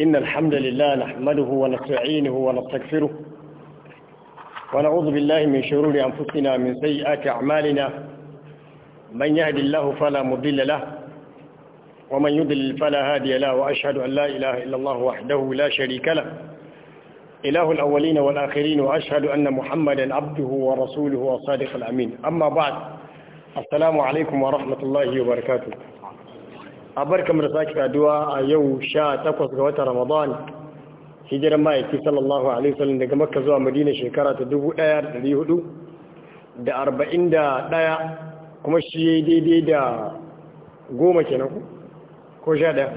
إن الحمد لله نحمده ونستعينه ونستغفره ونعوذ بالله من شرور أنفسنا من سيئات أعمالنا من يهد الله فلا مضل له ومن يضلل فلا هادي له وأشهد أن لا إله إلا الله وحده لا شريك له إله الأولين والآخرين وأشهد أن محمدا عبده ورسوله وصادق الأمين أما بعد السلام عليكم ورحمة الله وبركاته a barkamu da sake kaduwa a yau sha takwas ga watan ramadan hijiran ma'aiki sallallahu alaihi wasallam daga makka zuwa madina shekara ta dubu daya da dari hudu da arba'in da daya kuma shi ya yi daidai da goma kenan ko sha daya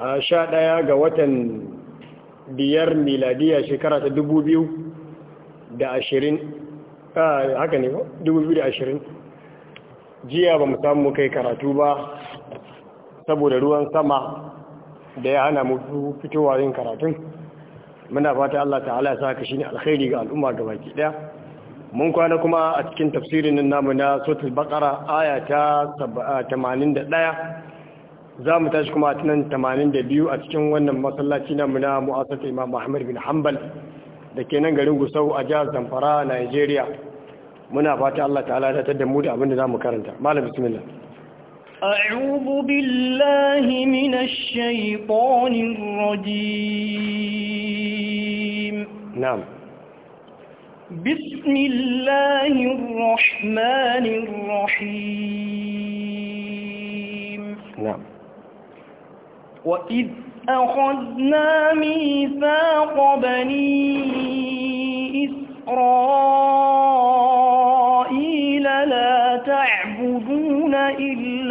a sha daya ga watan biyar miladiya shekara ta dubu biyu da ashirin haka ne ko dubu biyu da ashirin jiya ba mu samu kai karatu ba saboda ruwan sama da ya hana mu fitowa yin karatun muna fata Allah ta'ala ya saka ne alkhairi ga al'umma baki daya mun kwana kuma a cikin tafsirin nan namu na suratul bakara aya ta 81 za mu tashi kuma a tunan 82 a cikin wannan masallaci namu na mu'asata Imam Ahmad bin Hambal da ke nan garin Gusau a jihar Zamfara Nigeria muna fata Allah ta'ala ya ta mu da abin da mu karanta malam bismillah أعوذ بالله من الشيطان الرجيم نعم بسم الله الرحمن الرحيم نعم وإذ أخذنا ميثاق بني إسرائيل وَبِالْوَالِدَيْنِ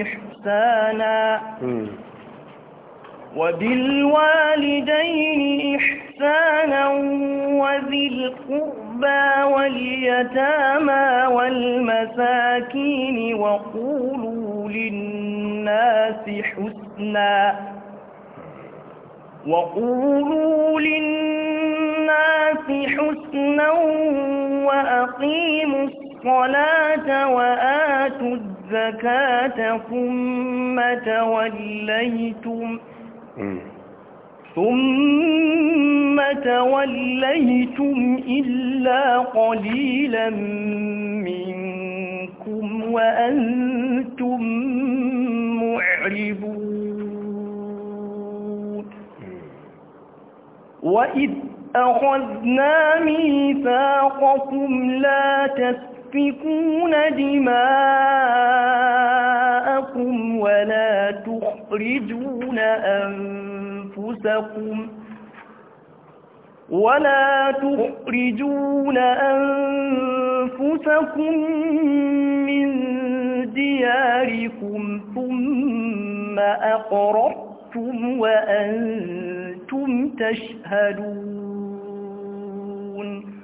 إِحْسَانًا وبالوالدين إحسانا وذي القربى واليتامى والمساكين وقولوا للناس حسنا وقولوا للناس حسنا وأقيموا الصلاة وآتوا الزكاة ثم توليتم ثم توليتم إلا قليلا منكم وأنتم معربون وإذ أخذنا ميثاقكم لا تسلمون تسفكون دماءكم ولا تخرجون أنفسكم ولا تخرجون أنفسكم من دياركم ثم أقرأتم وأنتم تشهدون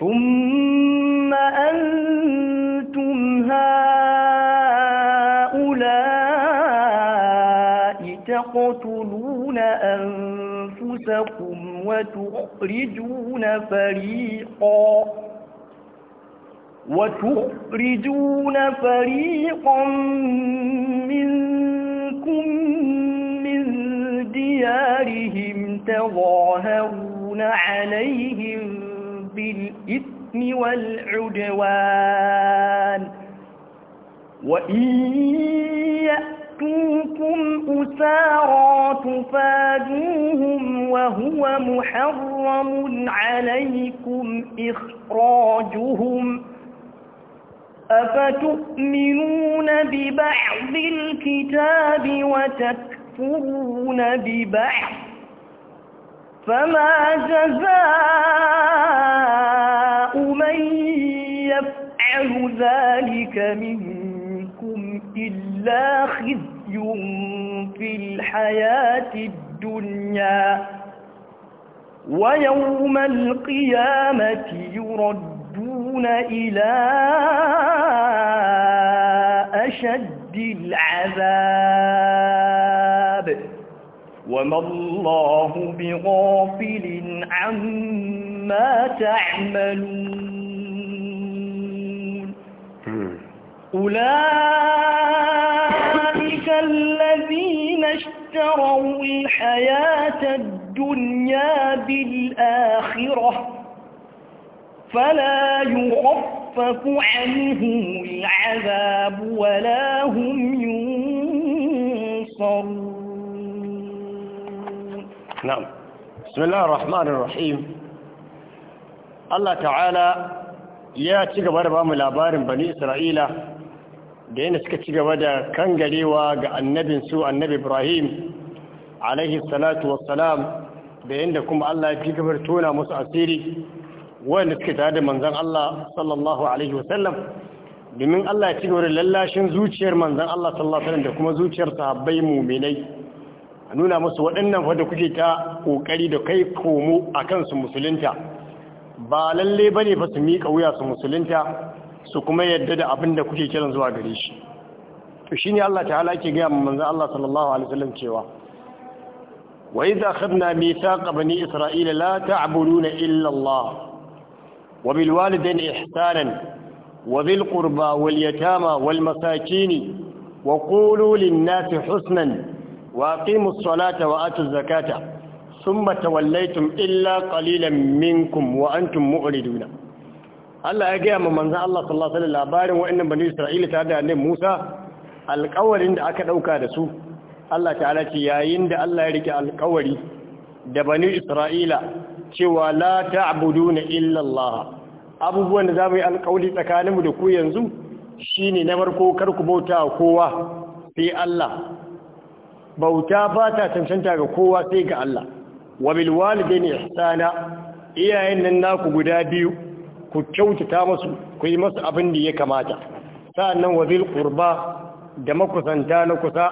ثم أنتم هؤلاء تقتلون أنفسكم وتخرجون فريقا وتخرجون فريقا منكم من ديارهم تظاهرون عليهم بالإثم والعدوان وإن يأتوكم أسارا تفادوهم وهو محرم عليكم إخراجهم أفتؤمنون ببعض الكتاب وتكفرون ببعض فما جزاء من يفعل ذلك منكم إلا خزي في الحياة الدنيا ويوم القيامة يردون إلى أشد العذاب وما الله بغافل عما تعملون hmm. أولئك الذين اشتروا الحياة الدنيا بالآخرة فلا يخفف عنهم العذاب ولا na'am bismillahir rahim Allah ta'ala ya ci gaba da bamu labarin bani Isra'ila da yana suka ci gaba da kangarewa ga annabin su annabi Ibrahim alaihi salatu wassalam da yanda kuma Allah ya fi gabar tona musu asiri wanda suke tare da manzon Allah sallallahu alaihi wasallam domin Allah ya ci gaba da lallashin zuciyar manzon Allah sallallahu alaihi wasallam da kuma zuciyar sahabbai mu'minai nuna musu waɗannan wadda kuke ta ƙoƙari da kai komo a kansu musulunta ba lalle ba ne ba su miƙa wuya su musulunta su kuma yadda da abin da kuke kiran zuwa gare shi to shi ne Allah ta'ala ke gaya ma manza, Allah sallallahu alaihi wasallam cewa wa idza akhadna mithaqa bani isra'ila la ta'buduna illa Allah wa bil walidayni ihsanan wa bil qurba wal yatama wal masakin wa qulu lin nasi husnan wa aqimus salata wa atuz zakata thumma tawallaytum illa ƙalilan minkum wa antum Allah ya gaya ma manzon Allah sallallahu alaihi labarin wa'annan bani Isra'ila tare da annabi Musa alƙawarin da aka ɗauka da su Allah ta'ala ce yayin da Allah ya rike alƙawari da bani Isra'ila cewa la abudu na illallah. abubuwan da za mu yi alƙawari tsakaninmu da ku yanzu shine na farko kar ku bauta kowa sai Allah bauta ba ta tamshanta ga kowa sai ga Allah wa bil walidaini ihsana iyayen nan naku guda biyu ku kyautata musu ku yi musu abin da ya kamata sa'annan wa bil qurba da makusanta na kusa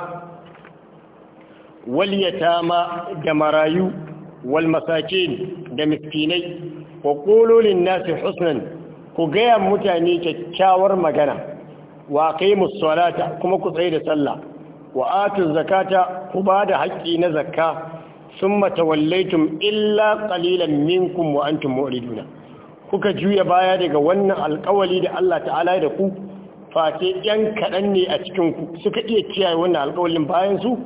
wal yatama da marayu wal masakin da miskinai wa qulu lin nasi husnan ku gaya mutane kyakkyawar magana wa aqimus salata kuma ku tsaye da sallah wa zakata ku ba da haƙƙi na zakka sun tawallaitum illa qalilan minkum wa antum mu'riduna kuka juya baya daga wannan alƙawali da Allah ta'ala da ku face yan kaɗan ne a cikin suka iya kiyaye wannan alƙawalin bayan su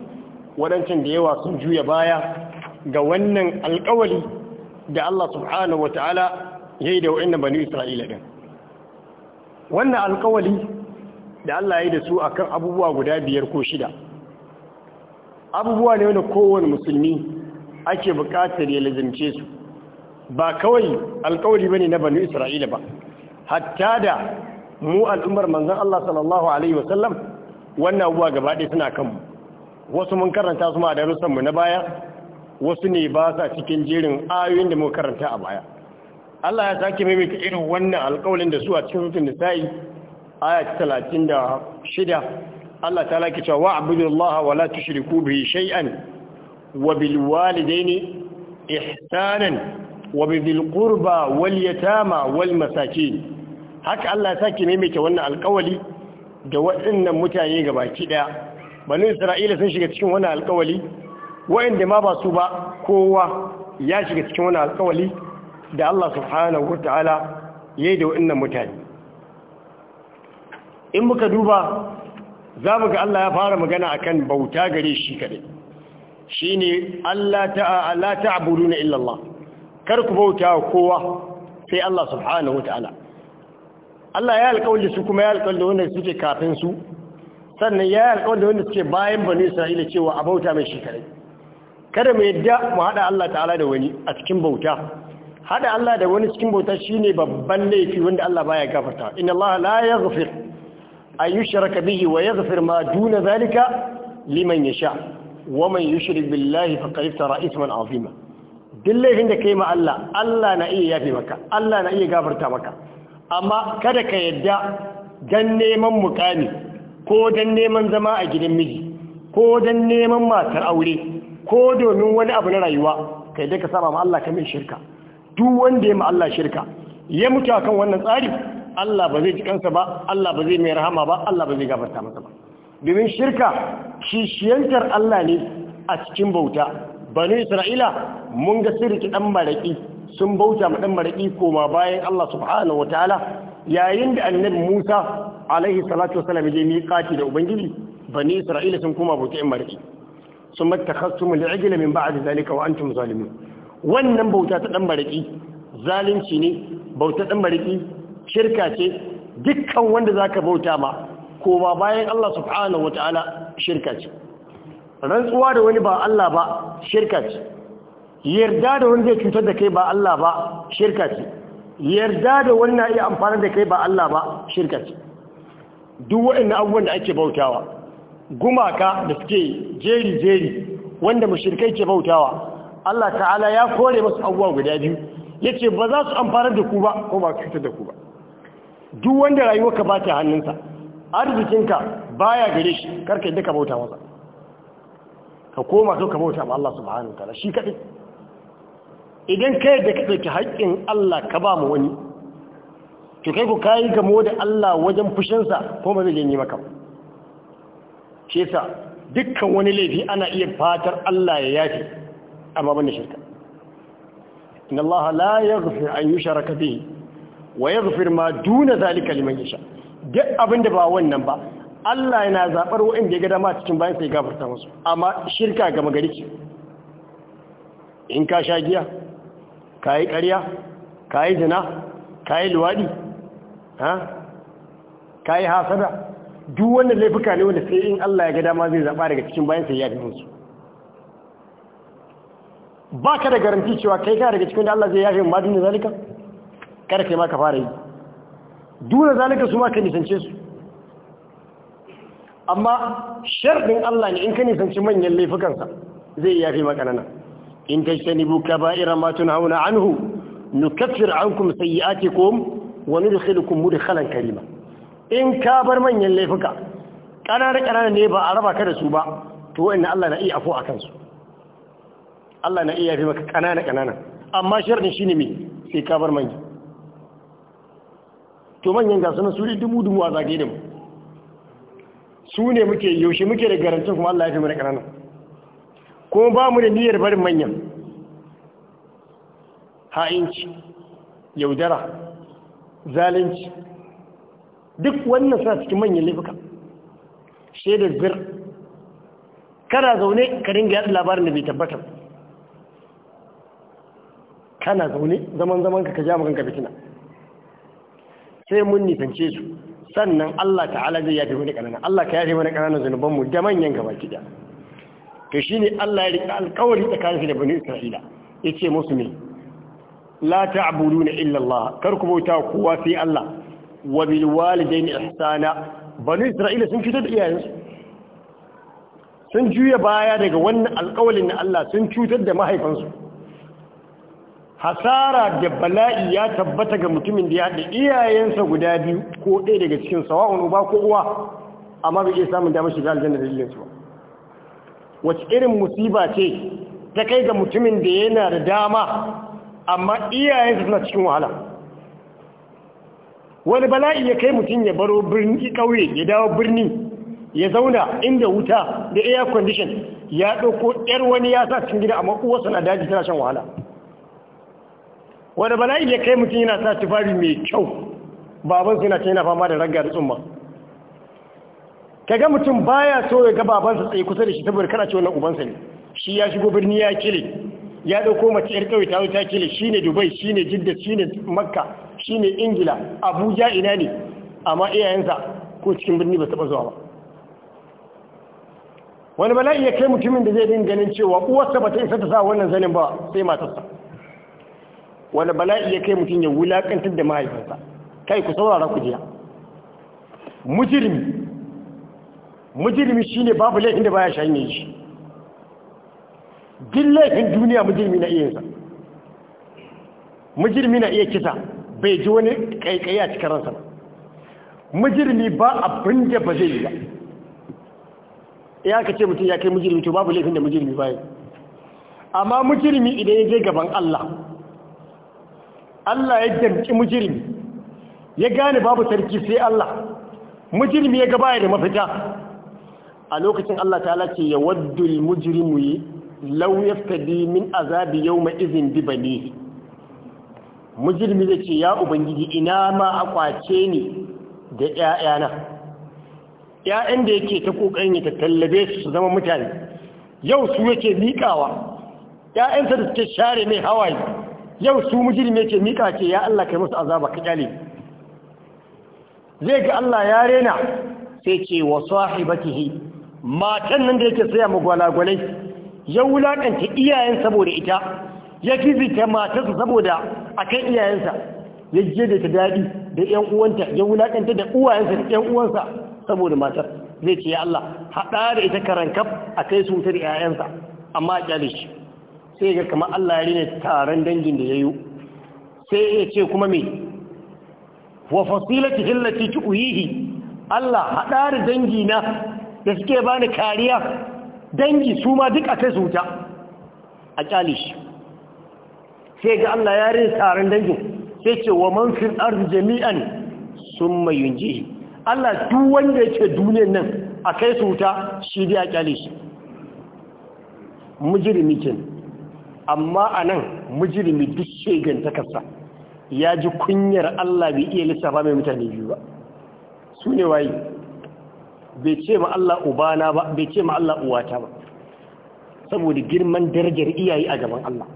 waɗancan da yawa sun juya baya ga wannan alƙawali da Allah subhanahu wa ta'ala ya yi da wa'annan bani Isra'ila ɗin wannan alƙawali da Allah ya da su akan abubuwa guda biyar ko shida abubuwa ne wanda kowane musulmi ake buƙatar ya lazimce su ba kawai alƙawari bane na banu Isra'ila ba hatta da mu al'ummar manzon Allah sallallahu alaihi wasallam wannan abuwa gaba ɗaya suna kanmu wasu mun karanta su ma darussan mu na baya wasu ne ba sa cikin jerin ayoyin da muka karanta a baya Allah ya sake maimaita irin wannan alƙawarin da su a cikin sunan nisa'i aya 36 Allah ta laki cewa wa'budullaha wa la tushriku bihi shay'an wa bil walidaini ihsanan wa bidhil qurba wal yatama wal masakin haka Allah ya saki maimaita wannan alƙawali da waɗannan mutane gabaki daya bani Isra'ila sun shiga cikin wannan alƙawali waɗanda ma ba su ba kowa ya shiga cikin wannan alƙawali da Allah subhanahu wataala yayi da waɗannan mutane in muka duba za mu ga Allah ya fara magana akan bauta gare shi kadai ne Allah ta'ala ta'buduna na illallah kar ku bauta kowa sai Allah subhanahu ta'ala Allah ya alƙawari su kuma ya da wanda suke kafin su sannan ya da wanda suke bayan bani Isra'ila cewa a bauta mai shi kadai kada mu yadda mu haɗa Allah ta'ala da wani a cikin bauta haɗa Allah da wani cikin bauta shine babban laifi wanda Allah baya gafarta inna Allah la yaghfir an yushraka bihi wa yaghfir ma duna zalika liman yasha wa man yushrik billahi faqad iftara isman azima duk laifin da kai ma Allah Allah na iya yafe maka Allah na iya gafarta maka amma kada ka yadda don neman mukami ko don neman zama a gidan miji ko don neman matar aure ko domin wani abu na rayuwa kai dai ka saba ma Allah min shirka duk wanda ya ma Allah shirka ya mutu akan wannan tsari Allah ba zai ji kansa ba Allah ba zai mai rahama ba Allah ba zai gabata masa ba domin shirka kishiyantar Allah ne a cikin bauta bani Isra'ila mun ga sirri ɗan maraƙi sun bauta ma ɗan maraƙi koma bayan Allah subhanahu wataala yayin da annabi Musa alaihi salatu wasallam ya je miƙati da ubangiji bani Isra'ila sun koma bauta in maraki sun mattakhastum al'ijla min ba'd zalika wa antum zalimun wannan bauta ta ɗan maraƙi, zalunci ne bauta ɗan maraƙi. shirka ce dukkan wanda za ka bauta ma ba bayan Allah subhanahu ta'ala shirka ce rantsuwa da wani ba Allah ba shirka ce yarda da wani zai cutar da kai ba Allah ba shirka ce yarda da wani na iya amfani da kai ba Allah ba shirka ce duk waɗannan abubuwan da ake bautawa gumaka da suke jeri jeri wanda mu mushrikai ke bautawa Allah ta'ala ya kore masu abubuwa guda biyu yace ba za su amfana da ku ba ko ba cutar da ku ba duk wanda rayuwarka ba ta hannunsa arzikinka ya gare shi karka yadda ka bauta masa ka koma so ka bauta ma Allah subhanahu wataala shi kadai idan ka yadda ka ɗauki haƙƙin Allah ka ba mu wani to kai ku kayi gamo da Allah wajen fushinsa ko ba zai janye maka shi yasa dukkan wani laifi ana iya fatar Allah ya yafe amma banda shirka inna Allah la yaghfir an yushraka bihi wa yaghfir ma duna zalika liman yasha duk abinda ba wannan ba Allah yana zabar wanda ya ga dama cikin bayan sai gafarta musu amma shirka ga magari ce in ka sha giya kai ƙarya kai zina kai luwadi ha kai hasada duk wannan laifuka ne wanda sai in Allah ya ga dama zai zaba daga cikin bayan sai ya gafarta musu ba ka da garanti cewa kai ka daga cikin da Allah zai yafe ma duniya zalika kada kai ma ka fara yi duna zalika su ma ka nisance su amma sharɗin Allah ne in ka nisanci manyan laifukansa zai iya fi makanana in ta shi nibu ka ma tun hauna anhu wani ankum sai kun nudkhilukum mudkhalan karima in ka bar manyan laifuka ƙananan ƙananan ne ba a raba ka da su ba to wa'annan Allah na iya afo a kansu Allah na iya fi maka ƙanana ƙanana amma shi ne me sai ka bar manyan to manyan gasu na suri dubu dubu a zage da mu su ne muke yaushe muke da garantin kuma Allah ya fi mana ƙananan kuma ba mu da niyyar barin manyan ha'inci yaudara zalunci duk wannan suna cikin manyan laifuka shaidar bir kana zaune ka ringa yadda labarin da bai tabbata kana zaune zaman zaman ka ka ja mu fitina sai mun nisance su sannan Allah ta'ala zai yafe wani ƙananan. Allah ka yafe wani ƙananan zunuban mu da manyan gaba kida to ne Allah ya rika alƙawari tsakaninsu da bani Isra'ila yace musu ne la ta'buduna illa illallah, kar ku bauta kowa sai Allah wa bil walidaini ihsana bani Isra'ila sun fitar da iyayensu sun juya baya daga wannan alƙawalin na Allah sun cutar da mahaifansu hasara da bala'i ya tabbata ga mutumin da ya haɗa iyayensa guda biyu ko ɗaya daga cikin sawa'un uba ko uwa amma bai iya samun damar shiga aljanna iyayensu su wace irin musiba ce ta kai ga mutumin da yana da dama amma iyayensa suna cikin wahala wani bala'i ya kai mutum ya baro birni ƙauye ya dawo birni ya zauna inda wuta da air condition ya ɗauko ƴar wani ya sa cikin gida amma uwarsa na daji tana shan wahala wanda bala'i ya kai mutum yana sa tufari mai kyau baban suna ce yana fama da ragga da tsumma kaga mutum baya so ya ga babansa tsaye kusa da shi saboda kana ce wannan ubansa ne shi ya shigo birni ya kile ya dauko mace yar kawai ta ta kile ne dubai shi ne jidda shi ne makka shi ne ingila abuja ina ne amma iyayensa ko cikin birni ba taba zuwa ba wani bala'i ya kai mutumin da zai din ganin cewa uwarsa ba ta isa ta sa wannan zanin ba sai matarsa wani bala'i ya kai mutum ya wulakantar da mahaifinsa kai ku saurara ku jiya mujirmi mujirmi shine babu laifin da baya shanye shi duk laifin duniya mujirmi na iya yinsa mujirmi na iya kisa bai ji wani kaikayi a cikin ransa ba mujirmi ba abin da ba zai yi ba ya ka ce mutum ya kai mujirmi to babu laifin da mujirmi baya amma mujirmi idan ya je gaban Allah Allah ya damki mujirmi ya gane babu sarki sai Allah mujirmi ya gabaya da mafita a lokacin Allah ta halace ya waddu mujrimu lauya yaftadi min azabi yawma izin bi ne. mujirmi zai ce ya ubangiji ina ma akwace ne da 'ya'yana. Ya'yan da yake ta kokarin ya tallabe su su zama mutane yau su yake miƙawa Ya'yansa da suke share mai hawaye yau su mujirme ke mika ce ya Allah kai musu azaba ka kyale zai ga Allah ya rena sai ce wa sahibatihi matan nan da yake saya mu gwalai ya wulakanta iyayen saboda ita ya kizita matarsa saboda akan iyayensa ya je da ta daɗi da ƴan uwanta ya wulakanta da uwayensa da ƴan uwansa saboda matar zai ce ya Allah haɗa da ita karankaf akai su su wutar 'ya'yansa amma kyale shi sai ga kamar Allah ya rina taron dangin da ya yi sai ya ce kuma mai wa fasilati hillati tuuhihi Allah da dangi na da suke bani kariya dangi su ma duk a kai su wuta a kyale shi sai ga Allah ya rina taron dangin sai ce wa man fil ardi jami'an summa yunji. Allah duk wanda yake duniyar nan a kai su shi dai a kyale shi kenan amma a nan mujirmi duk kasa ya ji kunyar Allah bai iya lissafa mai mutane biyu ba su ne waye bai ce ma Allah ubana ba bai ce ma Allah uwata ba saboda girman darajar iyaye a gaban Allah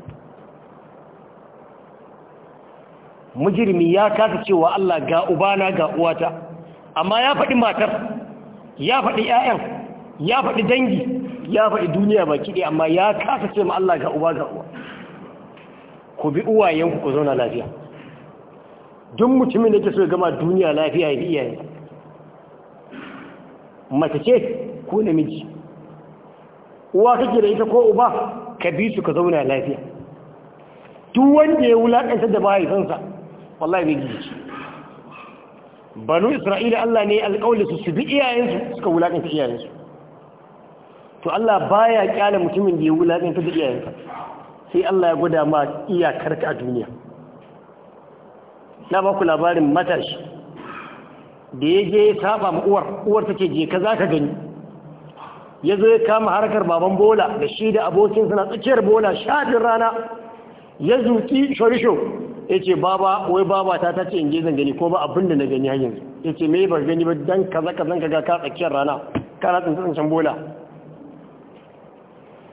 Mujirmi ya kasa cewa Allah ga ubana ga uwata amma ya faɗi matar ya faɗi 'ya'yan ya faɗi dangi ya faɗi duniya baki ɗaya amma ya kasa ce ma Allah ga uba ga uwa ku bi uwayenku ku zauna lafiya duk mutumin da ke so gama duniya lafiya ya bi iyayen mace ce ko namiji uwa kake da ita ko uba ka bi su ka zauna lafiya duk wanda ya wulaƙanta da mahaifinsa wallahi bai gizi banu isra'ila Allah ne alƙawli su su bi iyayensu suka wulaƙanta iyayensu to Allah baya kyale mutumin da ya ta da iyayensa sai Allah ya gwada ma iyakar ka a duniya na ba ku labarin matashi da ya je ya ma uwar uwar take je ka zaka gani ya zo ya kama harkar baban bola da shi da abokin suna tsakiyar bola shaɗin rana ya zuki shorisho ya ce baba wai baba ta tace in zan gani ko ba abin da na gani har yanzu ya ce me ba gani ba dan kaza kazan ka ga ka tsakiyar rana kana tsantsan bola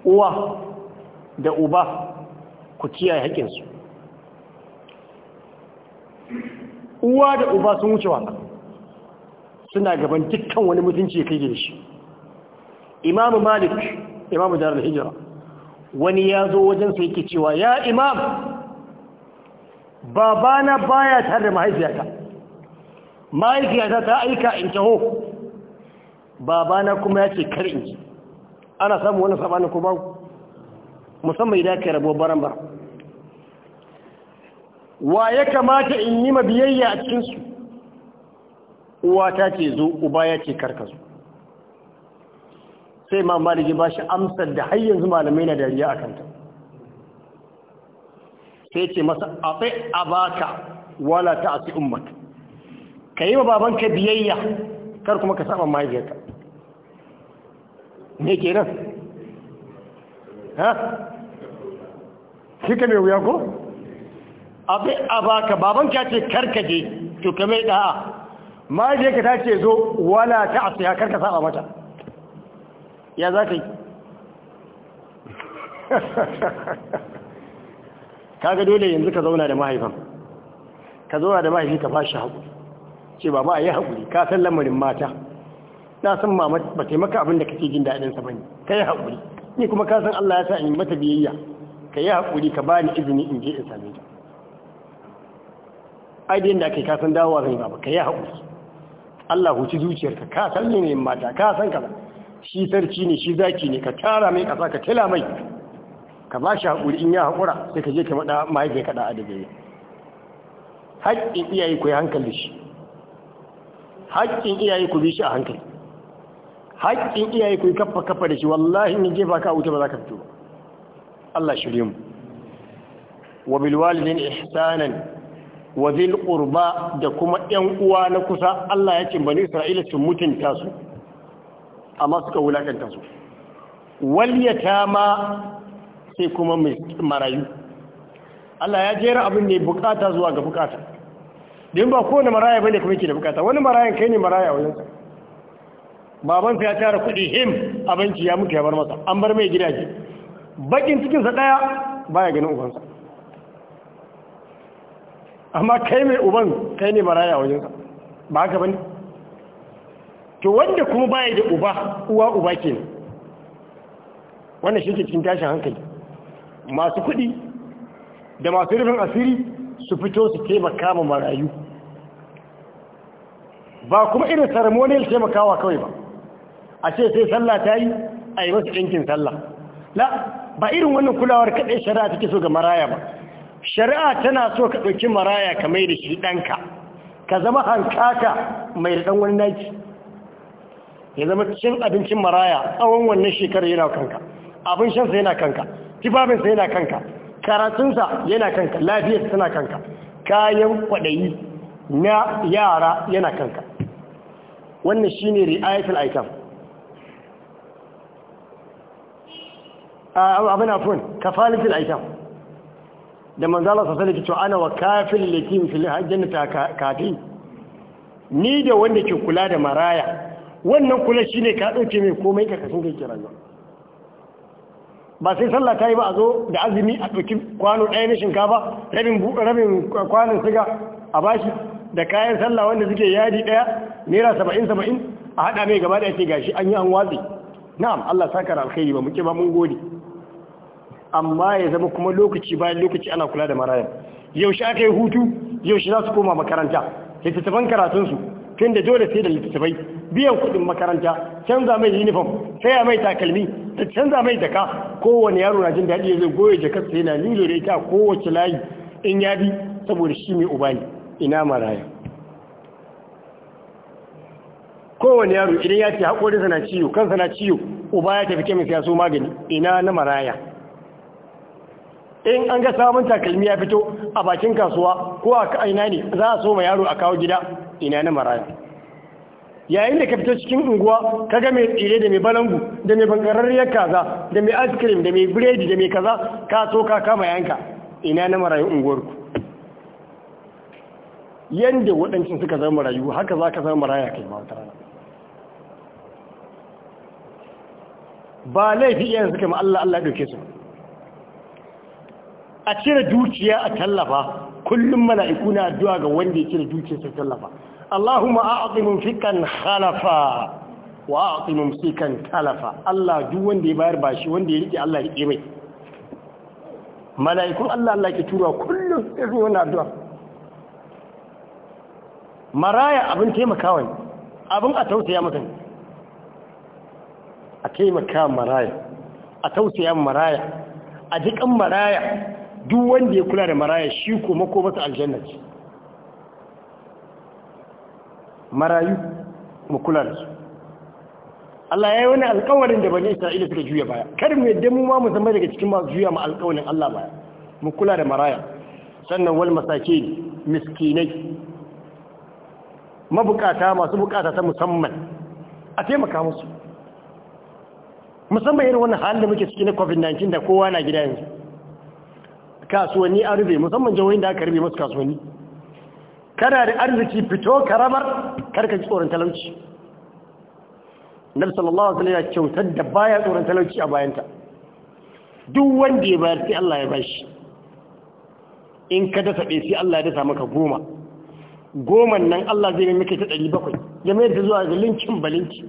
uwa da uba ku kiyaye su uwa da uba sun wuce wasa suna gaban dukkan wani mutunci ya kai da shi imamu malik imamu jihar da hijira wani ya zo wajensa yake cewa ya imam babana baya tare da mahaifiyata mahaifiyata ta aika in taho babana kuma ya ce kar in ji ana samun wannan sabanin ko ba musamman idan kai rabo baran ba wa ya kamata in yi ma biyayya a cikinsu ta ce zo uba ya ce karkasu sai ma maliki ba shi amsar da har yanzu malamai na dariya a kanta sai ce masa tsaye a baka wala ta su ummat ka yi wa babanka biyayya kar kuma ka saman mahaifiyarka me nan? ha kika mai wuya ko abin a baka baban ka ce karkaje to ka mai da'a mahaifiyarka ta ce zo wala ta asiya karka saba mata ya za ka yi kaga dole yanzu ka zauna da mahaifan ka zauna da mahaifi ka ba shi haƙuri ce ba ba a yi haƙuri ka san lamarin mata na san ba ta maka abin da kake jin daɗin sa bane kai haƙuri ni kuma ka san Allah ya sa in mata biyayya ka yi haƙuri ka bani izini in je in same ta ai da yanda ake ka san dawowa yi ba ka yi haƙuri Allah huci zuciyarka ka san ne mata ka san ka shi sarki ne shi zaki ne ka tara mai ƙasa ka tila mai ka ba shi haƙuri in ya haƙura sai ka je ka maɗa mahaifiyar kaɗa a daga haƙƙin iyaye ku yi hankali shi haƙƙin iyaye ku bi shi a hankali haƙƙin iyaye ku kafa kafa da shi wallahi ne jefa ka wuce ba za ka fito ba Allah shirye mu wa bil walidin ihsanan wa zil qurba da kuma ƴan uwa na kusa Allah ya ce bani Isra'ila sun mutunta su amma suka wulakanta su wal yatama sai kuma marayu Allah ya jera abin ne bukata zuwa ga bukata din ba kowane maraya bane kuma yake da bukata wani marayan kai ne maraya wajen sa babansa ya tara kudi him abinci ya mutu ya bar masa an bar mai gidaje bakin cikinsa ɗaya baya ganin ubansa amma kai mai uban kai ne maraya wajensa ba haka bane to wanda kuma baya da uba uwa uba ke ne wannan shi ke cikin tashin hankali masu kuɗi da masu rufin asiri su fito su taimaka ma marayu ba kuma irin ceremonial taimakawa kawai ba a ce sai sallah ta yi a yi masu ɗinkin sallah la ba irin wannan kulawar kaɗai shari'a take so ga maraya ba shari'a tana so ka ɗauki maraya ka mai da shi ɗanka ka zama hankaka mai da ɗan wani naki ya zama cin abincin maraya tsawon wannan shekarar yana kanka abin shansa yana kanka tifafinsa yana kanka karatunsa yana kanka lafiyarsa tana kanka kayan kwaɗayi na yara yana kanka wannan shi ne ri'ayatul aikam abin afun kafalatul aitam da manzala sassa da alaihi ana wa kafin latim fil jannati kafi ni da wanda ke kula da maraya wannan kula shine ka dauke mai komai ka kasin kai nan ba sai sallah ta yi ba a zo da azumi a ɗauki kwano ɗaya na shinkafa rabin kwanon siga a bashi da kayan sallah wanda suke yadi ɗaya naira saba'in saba'in a haɗa mai gaba da ya ce gashi an yi an watsi na'am allah saka alkhairi ba muke ba mun gode amma ya zama kuma lokaci bayan lokaci ana kula da marayan yaushe aka yi hutu yaushe za su koma makaranta littattafan karatunsu tun da dole sai da littattafai biyan kudin makaranta canza mai uniform saya mai takalmi da canza mai jaka kowane yaro na jin daɗi ya zai goye jakar sai na nilo da ita kowace layi in ya bi saboda shi mai uba ne ina maraya kowane yaro idan ya ce haƙorinsa na ciwo kansa na ciwo uba ya tafi kemis ya so magani ina na maraya in an ga sabon takalmi ya fito a bakin kasuwa ko a aina ne za a so ma yaro a kawo gida ina na marayu yayin da ka fito cikin unguwa ka ga mai tsire da mai balangu da mai bankararriyar kaza da mai ice cream da mai biredi da mai kaza ka so ka kama yanka ina na marayu unguwarku yadda waɗancin suka zama marayu haka za ka zama maraya kai ma wata rana ba laifi iyayen suka ma Allah Allah ɗauke su a cire dukiya a tallafa kullum mala'iku na addu'a ga wanda ya cire ta tallafa Allahumma a'ti fikan khalafa wa a'ti fikan talafa Allah duk wanda ya bayar bashi wanda ya rike Allah rike mai mala'ikun Allah Allah ke tura kullum irin wannan addu'a maraya abin taimakawa ne abin a tausaya masa a taimaka maraya a tausaya maraya a jikan maraya duk wanda ya kula da maraya shi kuma ko masa aljanna ce marayu mu kula da su Allah ya yi wani alkawarin da bane Isra'ila suka juya baya kar mu yadda mu ma mu zama daga cikin masu juya ma alkawarin Allah baya mu kula da maraya sannan wal masake miskinai mabukata masu bukata ta musamman a taimaka musu musamman yin wani halin da muke ciki na covid-19 da kowa na gida yanzu kasuwanni a rufe musamman jihohin da aka rufe masu kasuwanni kana da arziki fito karamar karka ji tsoron talauci nabi sallallahu alaihi wasallam ya kyautar da baya tsoron talauci a bayanta duk wanda ya bayar sai Allah ya bashi in ka dasa ɗaya sai Allah ya dasa maka goma goman nan Allah zai maka ta ɗari bakwai ya mayar da zuwa ga linkin balinki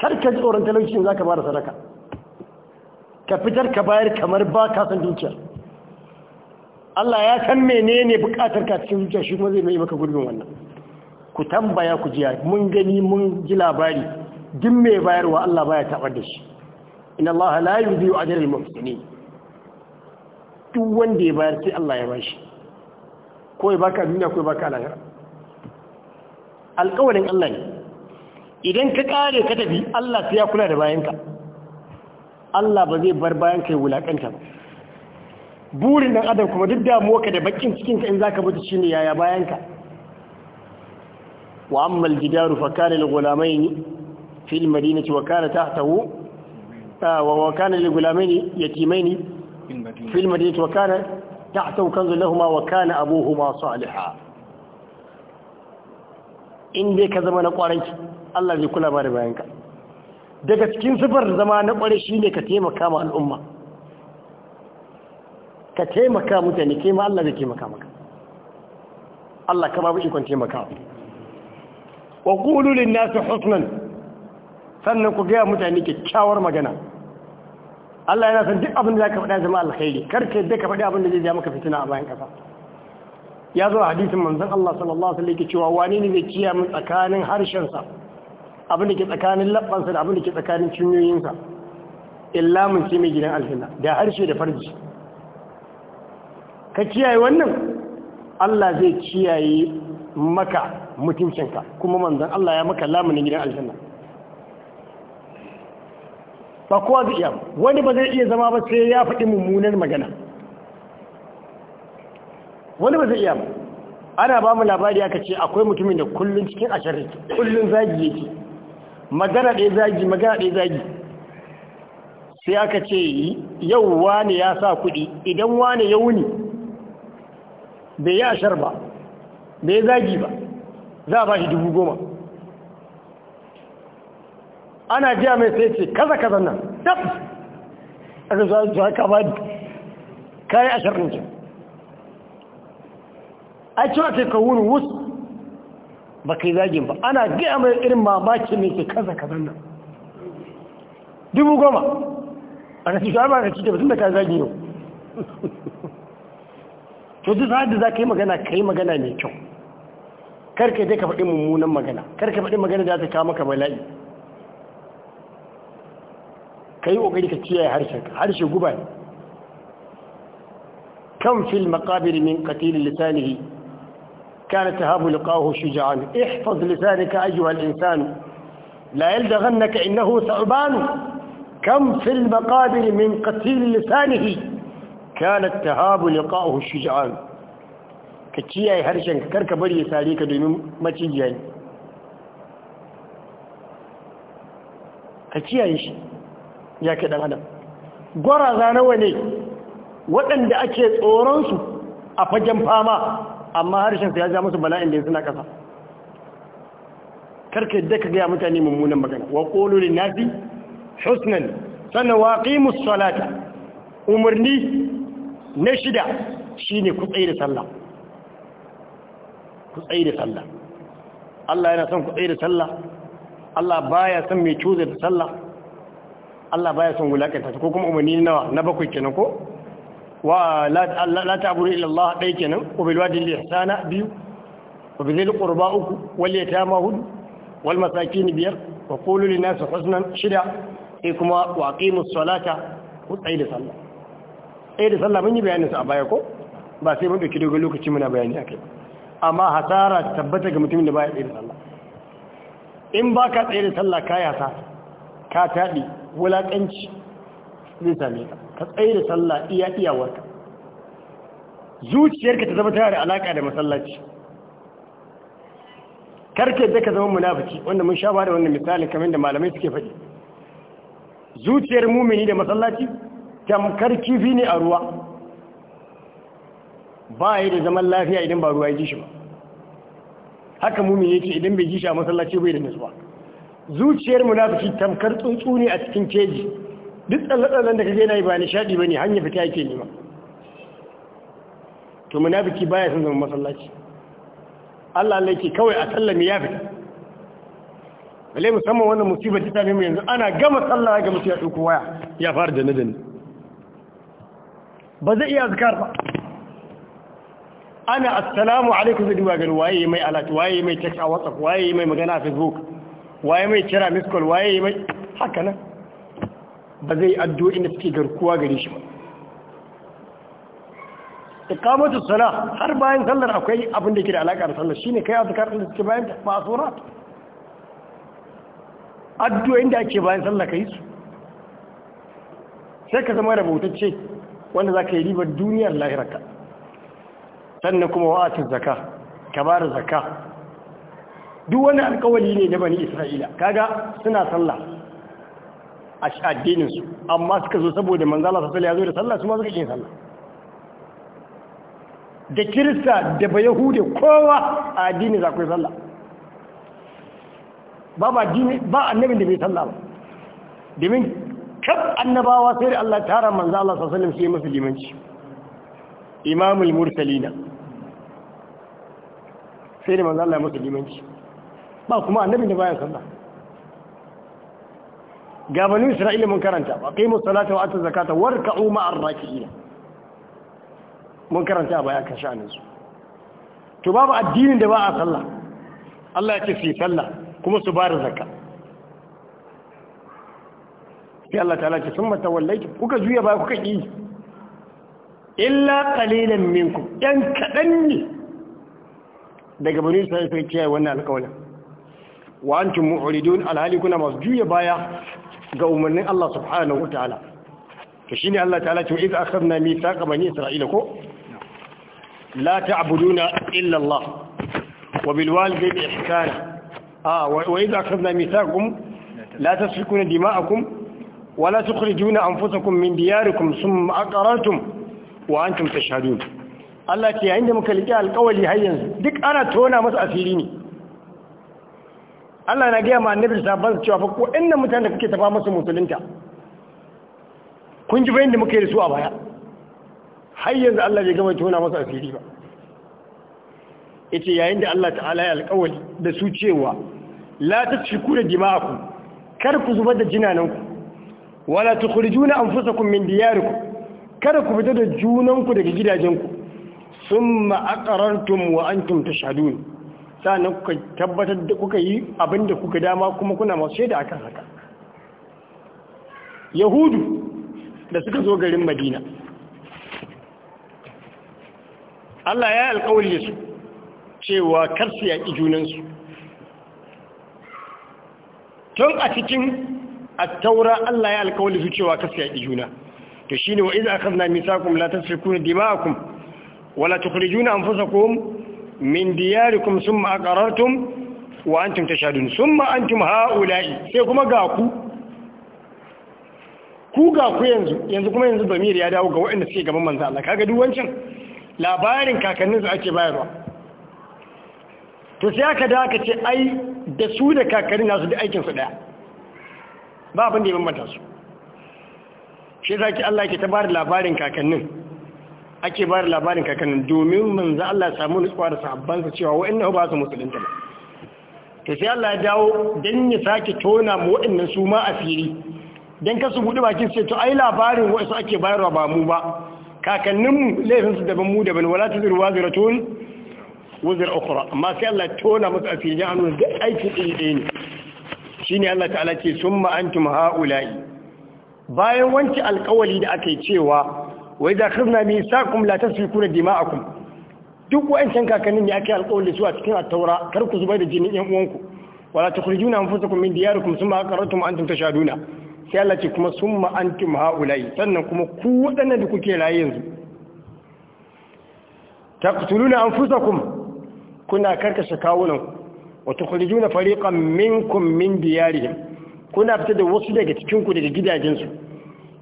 karka ji tsoron talauci in za ka da sadaka ka fitar ka bayar kamar ba ka san dukiyar Allah ya san menene bukatar ka cikin dukiya shi kuma zai mai maka gurbin wannan ku tambaya ku jiya mun gani mun ji labari duk mai bayarwa Allah baya tabar da shi inna Allah la yudhi'u ajra al-muhsinin duk wanda ya bayar sai Allah ya bashi ko ya baka duniya ko ya baka lahira alƙawarin Allah ne idan ka kare ka tafi Allah sai ya kula da bayanka Allah ba zai bar bayan kai wulaƙanta ba burin ɗan adam kuma duk damuwa ka da baƙin cikin ka in zaka mutu shine yaya bayan ka wa amma al-jidaru fa kana lil-ghulamayn fi al-madinati wa kana tahtahu ah, wa kana lil-ghulamayn yatimayn fi al-madinati wa kana tahtahu kanzun lahumā wa kana abūhumā ṣāliḥā in dai ka zama na kwaranki Allah zai kula ba da bayanka daga cikin zubar zama na ƙware shi ne ka taimaka ma al'umma ka taimaka mutane ke ma Allah zai taimaka maka Allah ka babu ikon taimaka wa qulu lin nasi husnan sannan ku gaya mutane kyakkyawar magana Allah yana san duk abin da zaka faɗa zama alkhairi kar ka yadda ka faɗi abin da zai ja maka fitina a bayan kasa ya zo a hadisin manzon Allah sallallahu alaihi wasallam yake cewa wani ne zai kiyaye tsakanin harshen sa abin da ke tsakanin labbansa da abin da ke tsakanin cinyoyinsa illa mun ce mai gidan aljanna da harshe da farji ka kiyaye wannan Allah zai kiyaye maka mutuncinka kuma manzan Allah ya maka lamunin gidan aljanna ba kowa zai iya wani ba zai iya zama ba sai ya faɗi mummunar magana wani ba zai iya ba ana ba mu labari aka ce akwai mutumin da kullum cikin ashirin kullum zagi yake magana ɗaya zagi magana ɗaya zagi sai aka ce yau wane ya sa kuɗi idan wane ya wuni bai yi ashar ba bai zagi ba za a ba shi dubu goma ana jiya mai sai ce kaza kaza nan daf aka zuwa zuwa kama kayan ashar ɗin ce a cewa ke ka wuni wusu ba kai zagin ba ana gaya mai irin mamaki ne ke kaza ka nan dubu goma a na shi ba ka ci da batun da ka zagin yau to duk sa'ad da za ka yi magana ka yi magana mai kyau karka dai ka faɗi mummunan magana karka faɗi magana da ta kama ka bala'i ka yi ƙoƙari ka kiyaye harshen harshe guba ne kan fil maƙabir min ƙatilin lisanihi كان تهاب لقاؤه شجاعا احفظ لسانك أيها الإنسان لا يلدغنك إنه ثعبان كم في المقابر من قتيل لسانه كان التهاب لقاؤه شجاعا أي هرشن كركبري ساليك دومين متجيان ka kiyaye shi ya ke ɗan adam gwaraza nawa ne waɗanda ake tsoronsu a fagen fama amma harshen su ya ja musu bala'in da suna kasa karka yadda ka gaya mutane mummunan magana wa qulu lin nasi husnan sannan wa qimus salata umarni na shida shine ku tsaye da sallah ku tsaye da sallah Allah yana son ku tsaye da sallah Allah baya son mai cuza da sallah Allah baya son wulakanta ko kuma umarni nawa na bakwai kenan ko wa la ta'budu illa Allah kenan wa bil walidayni biyu wa bil dhil qurba uku wal yatama hudu wal masakin biyar wa qulu lin nasi husnan shida sai kuma wa aqimus salata ku tsayi da sallah tsayi da sallah mun yi bayanin sa a baya ko ba sai mun dauki dogon lokaci muna bayani akai amma hasara tabbata ga mutumin da baya tsayi da sallah in baka tsayi da sallah ka yasa ka taɗi wulaƙanci zai same ka ka tsaye da sallah iya iyawarka zuciyarka ta zama tare da alaka da masallaci karka da ka zama munafiki wanda mun sha bada wannan misalin kamar da malamai suke faɗi zuciyar mumini da masallaci tamkar kifi ne a ruwa ba yi da zaman lafiya idan ba ruwa ya ji shi ba haka mumini yake idan bai ji shi a masallaci bai da nasuwa zuciyar munafiki tamkar tsuntsu ne a cikin keji duk tsallatsallan da ka zai na yi ba shaɗi ba ne hanyar fita yake nema to munafiki ya san zama masallaci Allah Allah ke kawai a tsallami ya fita bale musamman wannan musibar ta same yanzu ana gama sallah ga mutum ya ɗauko waya ya fara da nadani ba zai iya azkar ba ana assalamu alaikum zai duba gani waye mai alert waye mai text a whatsapp waye mai magana a facebook waye mai kira miss call waye mai haka nan ba zai addu'o da suke garkuwa gare shi ba su sana har bayan sallar akwai abin da ke da alaƙar da sallar shine kai azkar din da suke bayan a tsora. addu'o'in da ake bayan sallar ka yi su sai ka zama rabutacce wanda za ka yi ribar duniyar lahirarka sannan kuma wa'atin zaka ka ba da zaka duk wani alkawali ne na bani isra'ila kaga suna sallah a addinin su amma suka zo saboda manzala Allah ya zo da sallah su ma suka yin sallah da kirista da ba yahude kowa a addini za ku yi sallah ba ba addini ba annabin da bai sallah ba domin kaf annabawa sai da Allah tara manzo Allah sallallahu alaihi wasallam masu limanci imamul mursalina sai da manzo Allah masu limanci ba kuma annabin da baya sallah ga banu isra'ila mun karanta wa qimu salata wa atu zakata warka'u ma'ar raki'in mun karanta ba ya kan sha'anin su to babu addinin da ba a sallah Allah ya ce fi sallah kuma su bada zakka sai Allah ta'ala ce summa tawallaitu kuka juya baya kuka ki illa qalilan minkum dan kadan ne daga banu isra'ila sai ce wannan alƙawarin wa antum mu'ridun alhali kuna masu juya baya ga umarnin Allah subhanahu wa ta'ala to shine Allah ta'ala ce idza akhadna mithaqa bani isra'ila ko la ta'buduna illa Allah wa bil walidayni ihsana ah wa idza akhadna mithaqakum la tasfikuna dima'akum wa la tukhrijuna anfusakum min diyarikum thumma aqarartum wa antum tashhadun Allah ce yayin da muka liƙi alƙawali har yanzu duk ana tona masa asiri ne Allah na gaya ma annabi da su cewa fa ko inna mutane da kuke tafa musu musulunta kun ji bayin da muka da su a baya har yanzu Allah bai gama tona masa asiri ba yace yayin da Allah ta'ala ya alƙawari da su cewa la tasfiku da dima'akum kar ku zubar da jinananku wala tukhrijuna anfusakum min diyarikum kar ku fita da junanku daga gidajenku summa aqarantum wa antum tashhadun sa'annan kuka tabbatar da kuka yi abinda kuka dama kuma kuna masu shaida akan haka yahudu da suka zo garin madina Allah ya alƙawari da su cewa kar su yaƙi junansu tun a cikin attaura Allah ya alƙawari su cewa kar su yaƙi juna to ne wa 'iza idza akhadna dima la tasfikuna dima'akum juna an fusa anfusakum min diyarikum summa aqarartum wa antum tashhadun summa antum haula'i sai kuma ga ku ku ga ku yanzu yanzu kuma yanzu bamiri ya dawo ga waɗanda suke gaban manzo Allah kaga duk wancan labarin kakannin su ake bayarwa to sai aka da aka ce ai da su da kakannin nasu da aikin su daya ba abin da ya bambanta su shi zaki Allah ke ta labarin kakannin ake ba da labarin kakannin domin manzo Allah samu nutsuwa da sahabbansa cewa wa'annan ba su musulunta ba to sai Allah ya dawo dan ya sake tona mu wa'annan su ma asiri dan kasu buɗe bakin sai to ai labarin wasu ake bayarwa ba mu ba kakanninmu laifinsu daban mu daban wala ta zirwa ziratun wuzir okura amma sai Allah tona masu asiri jan hannun da aikin ɗaya ne shi ne Allah ta'ala ce sun ma'antum ha'ula'i bayan wancan alkawali da aka cewa wai da khizna misakum la a dima'akum duk wa'ancan kakannin ya kai alƙawari da su a cikin attaura kar ku zubar da jinin yan uwanku wala tukhrijuna anfusakum min diyarikum thumma aqarrtum antum tashhaduna sai Allah ce kuma summa antum haula'i sannan kuma ku wadannan da kuke raye yanzu taqtuluna anfusakum kuna karkashe kawunan wa tukhrijuna fariqan minkum min diyarihim kuna fita da wasu daga cikin ku daga gidajensu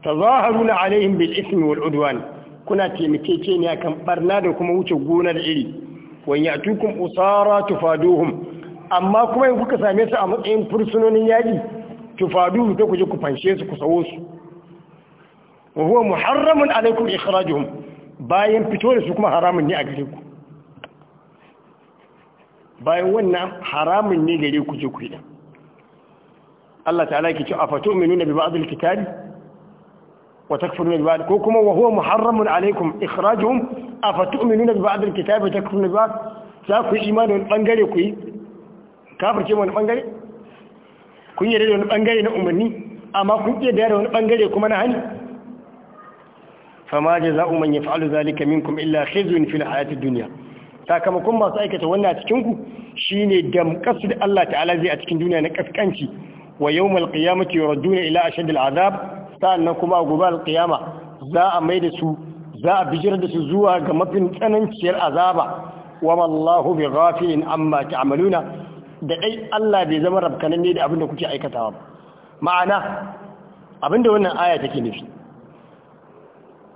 tazaharuna alaihim bil ismi wal udwan kuna taimakeke ne akan barna da kuma wuce gona da iri wa yatukum usara tufaduhum amma kuma in kuka same su a matsayin fursunonin yaji tufaduhu ta kuje ku fanshe su ku sawo su wa huwa muharramun alaikum ikhrajuhum bayan fito da su kuma haramun ne a gare ku bayan wannan haramun ne gare ku je ku yi Allah ta'ala ke ce a fatu minuna bi ba'd al-kitabi wa takfuruna bi ba'd ko kuma wa huwa muharramun alaikum ikhrajuhum afatu'minuna bi ba'd alkitab wa takfuruna bi ba'd za ku imanin bangare ku yi kafirce wani bangare kun yarda wani bangare na umarni amma kun iya da wani bangare kuma na hani fama jaza'u man yaf'alu zalika minkum illa khizyun fil hayatid dunya sakamakon masu aikata wannan a cikinku shi ne da Allah ta'ala zai a cikin duniya na ƙasƙanci wa yau malƙiyamata yau ila a shaddal nan kuma a gobe alƙiyama za a mai da su za a bijir da su zuwa ga mafin tsananciyar azaba wa mallahu bi ghafilin amma ta'maluna da dai Allah bai zama rabkanan ne da abin da kuke aikatawa ba ma'ana abin da wannan aya take nufi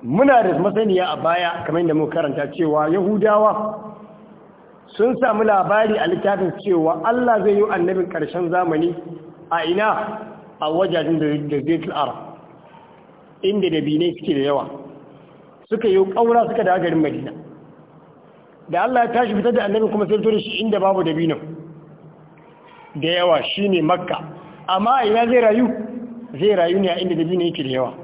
muna da masaniya a baya kamar da muka karanta cewa yahudawa sun samu labari a littafin cewa Allah zai yi annabin ƙarshen zamani a ina a wajajen da zai arab inda dabinai suke da yawa suka yi ƙaura suka da garin madina da Allah ya tashi fitar da annabi kuma sai da shi inda babu dabino da yawa shine makka amma a ina zai rayu zai rayu ne a inda dabino yake da yawa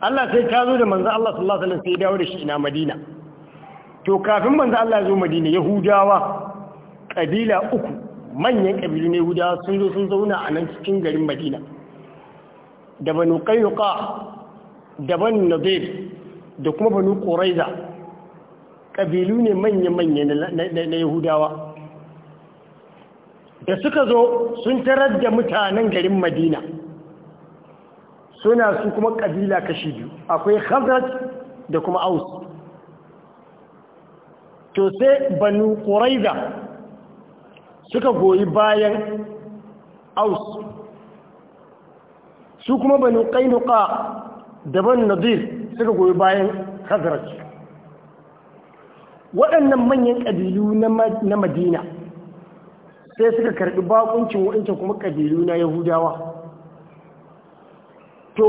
Allah sai ta zo da manzan Allah sallallahu alaihi wasallam sai ya dawo da shi ina madina to kafin manzan Allah ya zo madina yahudawa kabila uku manyan kabilu ne yahudawa sun zo sun zauna a nan cikin garin madina da banu qayyuqa da banu nadir da kuma banu quraiza kabilu ne manya-manya na yahudawa da suka zo sun tarar da mutanen garin madina suna su kuma ƙabila kashi biyu akwai khazraj da kuma aus to sai banu quraiza suka goyi bayan aus su kuma banu qainuqa daban ban nadir suka goyi bayan khazraj waɗannan manyan ƙabilu na madina sai suka karɓi bakuncin waɗancan kuma ƙabilu na yahudawa to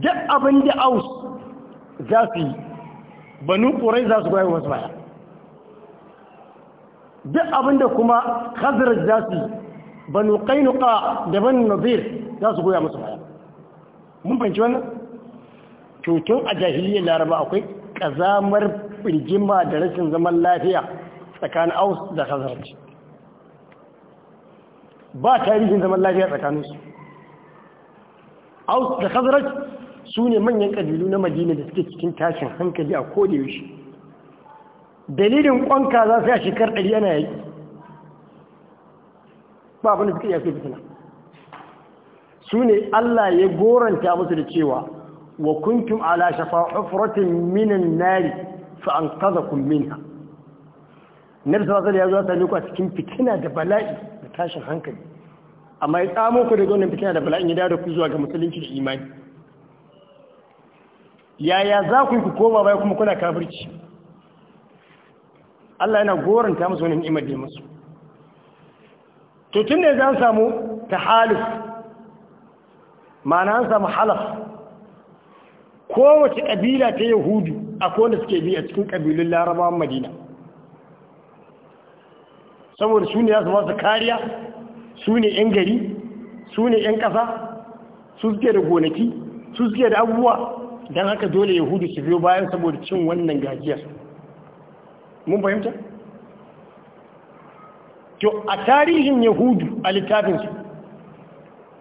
duk abin da aus za su yi banu ƙurai za su goyi wasu baya duk abin da kuma khazraj za su yi banu ƙainuka daban nadir za su goya musu baya mun banci wannan tutun a jahiliyar laraba akwai kazamar birgima da rashin zaman lafiya tsakanin aus da hazarci ba tarihin zaman lafiya tsakaninsu aus da hazarci su ne manyan ƙabilu na madina da suke cikin tashin hankali a yaushe. dalilin kwanka za su yi a shekar ɗari yana yaƙi ba abin suke yaƙi fitina su ne Allah ya goranta musu da cewa wa kuntum ala shafa hufratin minan nari fa an kaza kun minha nabi sallallahu alaihi wasallam ya zo ta nuka cikin fitina da bala'i da tashin hankali amma ya tsamo ku daga wannan fitina da bala'in ya dawo ku zuwa ga musulunci da imani yaya za ku yi ku koma baya kuma kuna kafirci Allah yana goranta musu wannan ni'imar da musu to tun ne za samu tahaluf ma'ana an samu halaf kowace ƙabila ta yahudu akwai wanda suke bi a cikin ƙabilun larabawan madina saboda su ne ya su kariya su ne 'yan gari su ne 'yan ƙasa su suke da gonaki su suke da abubuwa don haka dole yahudu su biyo bayan saboda cin wannan gajiyar mun fahimta? to a tarihin yahudu a littafinsu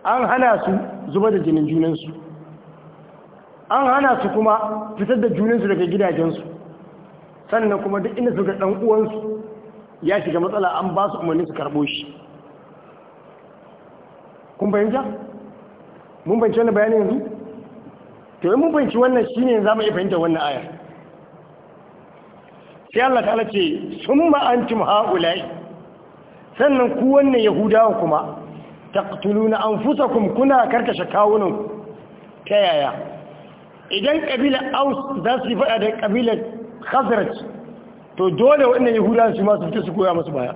an hana su zuba da jinin junansu an hana su kuma fitar da junansu daga gidajensu sannan kuma duk inda su ga ɗan uwansu ya shiga matsala an ba su umarni su karɓo shi kun fahimta? mun banci wannan bayanin yanzu? to yi mun banci wannan shi ne za mu iya fahimta wannan aya sai Allah ta'ala ce sun ma'antum ha'ula'i sannan ku wannan yahudawa kuma taqtuluna anfusakum kuna karkashe kawunan ta yaya idan kabila aus za su yi fada da ƙabila khazraj to dole waɗannan yahudan su ma su fita su koya masu baya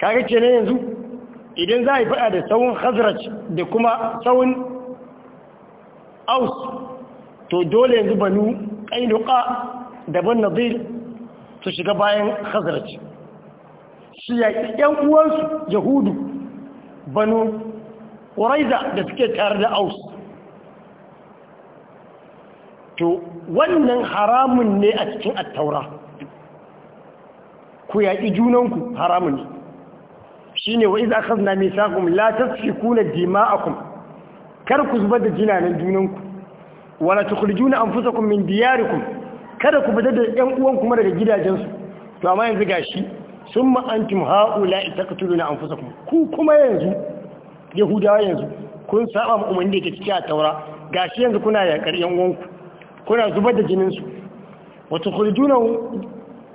kaga kenan yanzu idan za a yi faɗa da tsawon khazraj da kuma tsawon aus to dole yanzu banu ƙainuka daban nazir su shiga bayan khazraj su yaƙi ‘yan uwansu yahudu banu ƙuraiza da suke tare da aus to wannan haramun ne a cikin attaura ku yaƙi junanku haramun ne shi ne wa'iza aka zana mai saƙon latas fi kuna dima'akun kar ku zubar da jinanen junanku wala fusa kun min diyarikum kada ku fitar da ƴan uwanku kuma daga gidajensu to amma yanzu ga shi. sun ma'antum ha'ula ita ka tuluna an fusa ku kuma yanzu yahudawa yanzu kun saba ma umarni da ke ciki a taura ga shi yanzu kuna yakar yan uwanku kuna zubar da jininsu wata kurjuna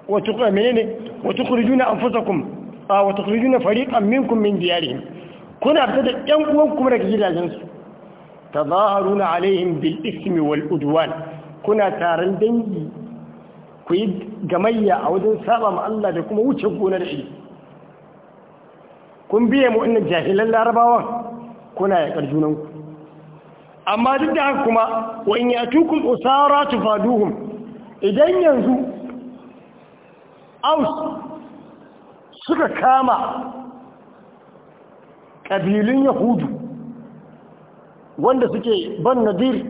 wata kuma eh, menene wata kurjuna an fusa kuma a wata kurjuna fariƙan minkum min diyarihim kuna fita da yan uwanku kuma daga gidajensu tazaharuna alaihim bil ismi wal udwan kuna taron dangi ku yi gamayya a wajen saba ma Allah da kuma wuce gonar shi. kun biye mu inna jahilan larabawan kuna ya ƙarjunanku amma duk da haka kuma wa in yatukum usara tufaduhum idan yanzu aus suka kama ƙabilun yahudu wanda suke ban nadir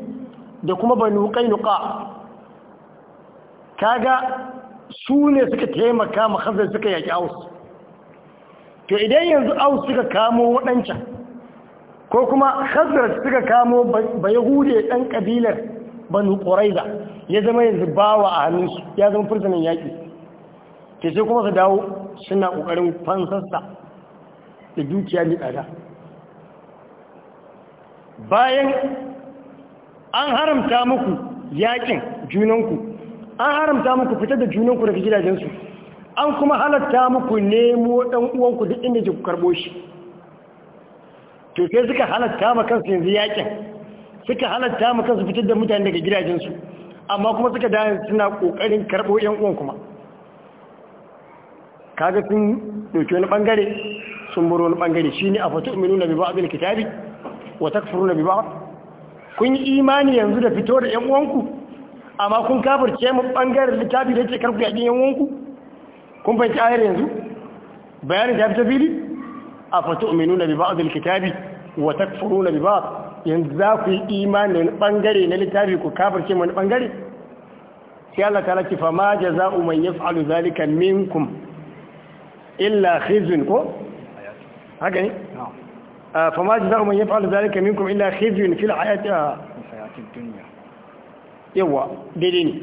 da kuma banu ƙainuka kaga su ne suka taimaka ma khazar suka yaki aus to idan yanzu aus suka kamo waɗancan ko kuma khazar suka kamo ba hude ɗan ƙabilar banu ƙoraiza, ya zama yanzu bawa a hannunsu ya zama firzanin yaƙi ke sai kuma su dawo suna ƙoƙarin fansarsa da dukiya mai ɗada bayan an haramta muku yaƙin junanku an haramta muku fitar da junanku daga gidajensu an kuma halatta muku nemo ɗan uwanku duk inda ke ku karɓo shi to sai suka halatta ma kansu yanzu yakin suka halatta ma kansu fitar da mutane daga gidajensu amma kuma suka da suna ƙoƙarin karɓo ƴan uwan kuma kaga sun doke wani bangare sun buru wani bangare shi ne a fatu umaru na biba abin kitabi wa takfuru na biba kun yi imani yanzu da fito da ƴan uwanku amma kun kafirce mu bangaren littafi da yake karku yakin yanwanku kun fahimci ayar yanzu bayanin ta fita fili a fatu uminu na biba azul kitabi wata takfuru na biba yanzu za ku yi imanin bangare na littafi ku kafirce mu bangare sai Allah ta laki fa ma jaza'u man yaf'alu zalika minkum illa khizun ko haka ne fa ma jaza'u man yaf'alu zalika minkum illa khizun fil hayati ah, fil hayati yawa daidai ne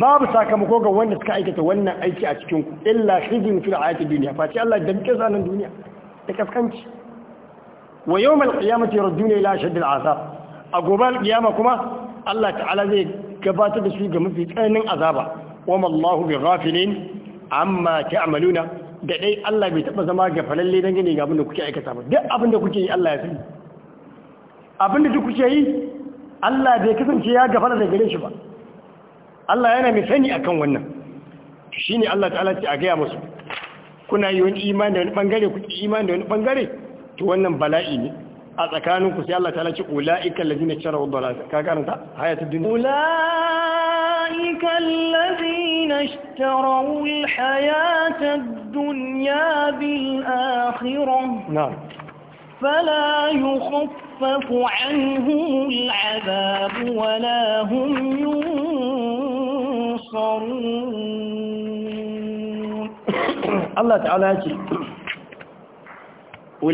babu sakamako ga wanda suka aikata wannan aiki a cikin ku illa khizin fil ayati dunya fa sai Allah damke su nan duniya da kaskanci wa yawmal qiyamati yarduna ila ashaddil azab a gobe kiyama kuma Allah ta'ala zai gabatar da su ga mafi tsananin azaba wa mallahu bi ghafilin amma ta'maluna da dai Allah bai taba zama ga falalle dangane ga abin da kuke aikata ba duk abin da kuke yi Allah ya sani abin da duk kuke yi Allah bai kasance ya gafara da gare shi ba Allah yana mai sani akan wannan shine Allah ta'ala ce a gaya musu kuna yi wani imani da wani bangare ku imani da wani bangare to wannan bala'i ne a tsakanin ku sai Allah ta'ala ce ulaika allazina sharu dalala ka karanta hayatud dunya ulaika allazina ishtaraw alhayata ad-dunya bil akhirah na'am فلا يخفف عنهم العذاب ولا هم ينصرون الله تعالى يقول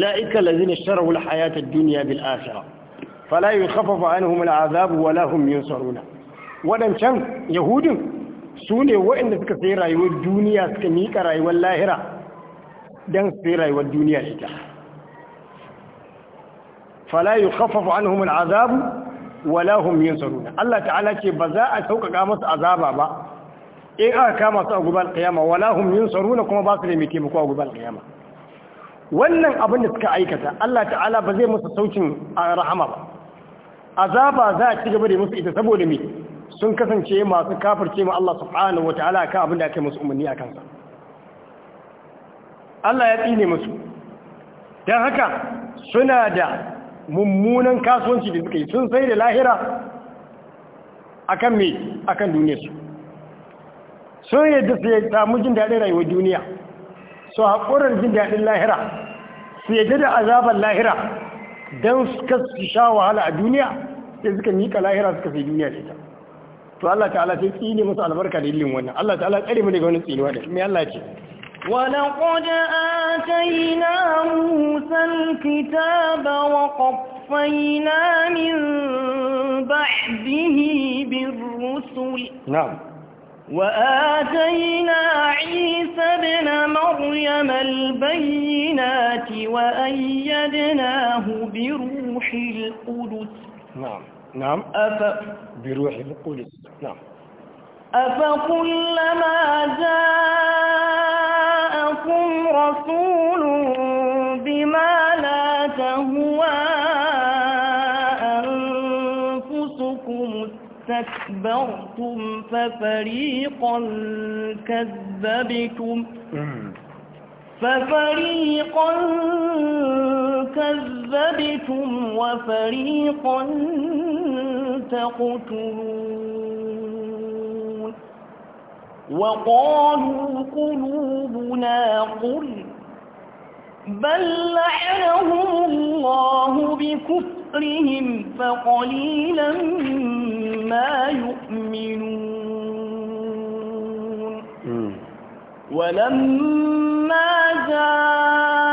أولئك الذين اشتروا الحياة الدنيا بالآخرة فلا يخفف عنهم العذاب ولا هم ينصرون waɗancan شم يهود ne وإن في sai rayuwar duniya suka miƙa rayuwar lahira don sai rayuwar fala yukhaffafu anhum azabu wala hum yunsarun Allah ta'ala ce ba za a sauƙaƙa musu azaba ba in aka kama su a gubal qiyama wala hum yunsarun kuma ba su da mai taimako a gubal qiyama wannan abin da suka aikata Allah ta'ala ba zai musu saukin rahama ba azaba za a ci gaba da musu ita saboda mai sun kasance masu kafirce ma Allah subhanahu wataala kan abin da aka yi musu umarni a kansa Allah ya tsine musu don haka suna da mummunan kasuwanci da suka yi sun sai da lahira akan kan akan duniyarsu sun yadda su ya samu jin daɗin rayuwar duniya su haƙurar jin daɗin lahira su yadda da azabar lahira don suka su sha wahala a duniya sai suka miƙa lahira suka sai duniya ce ta to Allah ta'ala sai tsini musu albarka da illin wannan Allah ta'ala tsari mu daga wani tsinuwa da mai Allah ce ولقد آتينا موسى الكتاب وقفينا من بعده بالرسل نعم وآتينا عيسى ابن مريم البينات وأيدناه بروح القدس نعم نعم أف... بروح القدس نعم أفكلما جاء رسول بما لا تهوى أنفسكم استكبرتم ففريقا كذبتم ففريقا كذبتم وفريقا تقتلون وقالوا قلوبنا قل بل لعنهم الله بكفرهم فقليلا ما يؤمنون ولما جاءوا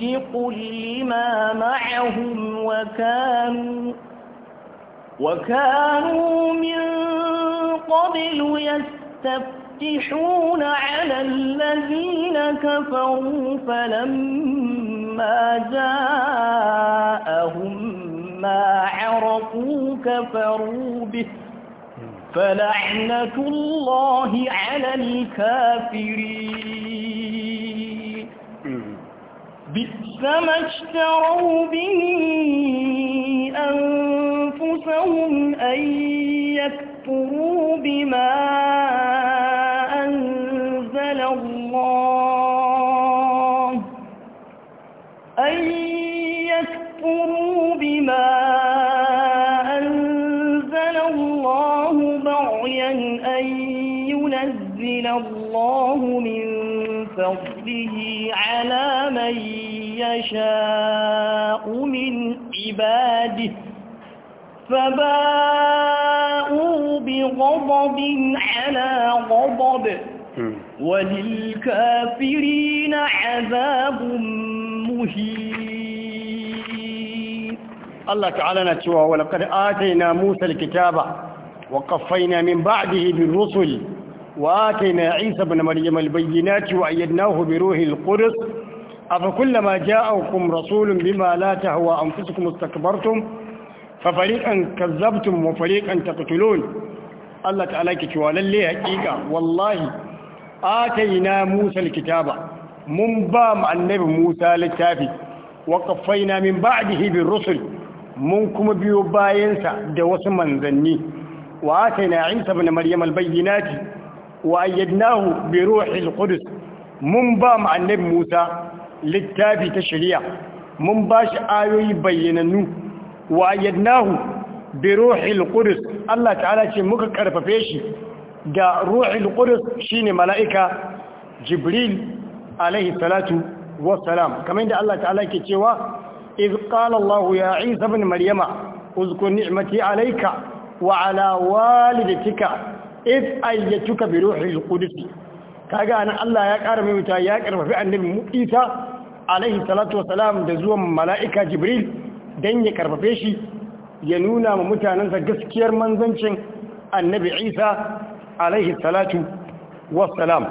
مصدق لما معهم وكانوا وكانوا من قبل يستفتحون على الذين كفروا فلما جاءهم ما عرفوا كفروا به فلعنة الله على الكافرين فما اشتروا به أنفسهم أن يكفروا بما أنزل الله أن يكفروا بما أنزل الله بغيا أن ينزل الله من فضله على من يشاء من عباده فباءوا بغضب على غضب وللكافرين عذاب مهين الله تعالى نتوى ولقد آتينا موسى الكتاب وقفينا من بعده بالرسل وآتينا عيسى بن مريم البينات وأيدناه بروح القدس أفكلما جاءكم رسول بما لا تهوى أنفسكم استكبرتم ففريقا كذبتم وفريقا تقتلون الله تعالى كتوى للي حقيقة والله آتينا موسى الكتابة منبام النبي موسى للتافي وقفينا من بعده بالرسل منكم بيباينسا دوس منزني وآتينا عيسى بن مريم البينات وأيدناه بروح القدس منبام النبي موسى littafi ta shari'a mun ba shi ayoyi bayyanannu wa ayyadnahu bi ruhil qudus Allah ta'ala ce muka karfafe shi da ruhil qudus shine mala'ika jibril alaihi salatu wassalam kamar da Allah ta'ala ke cewa iz qala Allah ya Isa ibn Maryama uzkur ni'mati alayka wa ala walidatika iz ayyatuka bi ruhil qudus kaga nan Allah ya ƙara maimaita ya karfafi annabi Isa alaihi salatu wasalam da zuwan mala'ika Jibril dan ya karfafe shi ya nuna ma mutanensa gaskiyar manzancin annabi Isa alaihi salatu wasalam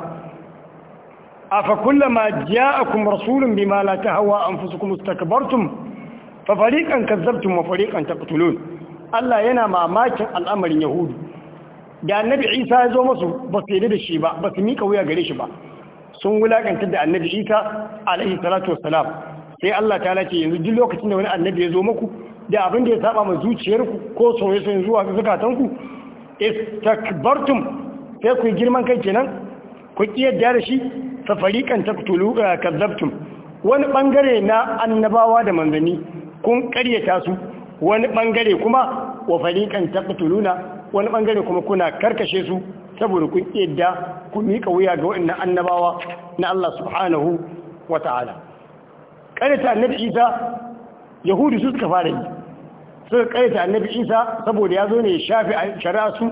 afa kullama ja'akum rasulun bima la tahwa anfusukum istakbartum fa fariqan kazzabtum wa fariqan taqtulun Allah yana mamakin al'amarin Yahudu da annabi isa ya zo masu ba su yadda da shi ba ba su miƙa wuya gare shi ba sun wulaƙantar da annabi isa alaihi salatu wasalam sai allah ta lace yanzu duk lokacin da wani annabi ya zo maku da abin da ya saba ma zuciyarku ko soye-soyen zuwa zukatanku istakbartum sai ku girman kai kenan ku kiyarda da shi fa fariqan taqtulu eh, kadzabtum wani bangare na annabawa da manzanni kun karyata su wani bangare kuma wa fariqan taqtuluna wani bangare kuma kuna karkashe su saboda kun yadda ku mika wuya ga wa'annan annabawa na Allah subhanahu wa ta'ala ƙarita annabi Isa Yahudu su suka fara yi suka ƙarita annabi Isa saboda ya zo ne shafi shari'a su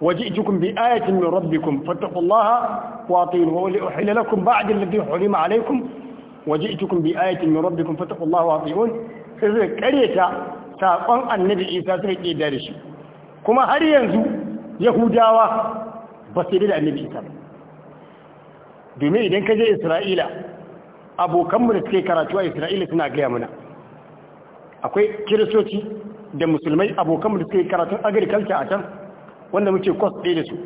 waje ijikun bi ayatin min rabbikum fattaqullaha wa atinu wa uhilla lakum ba'da alladhi hurima alaykum waje ijikun bi ayatin min rabbikum fattaqullaha wa atinun sai suka ƙarita saƙon annabi Isa suka ƙeda da shi kuma har yanzu yahudawa ba su da annabi ta ba domin idan ka je isra'ila abokanmu da suke karatu a isra'ila suna gaya mana akwai kiristoci da musulmai abokanmu da suke karatun agriculture a can wanda muke kwas ɗaya da su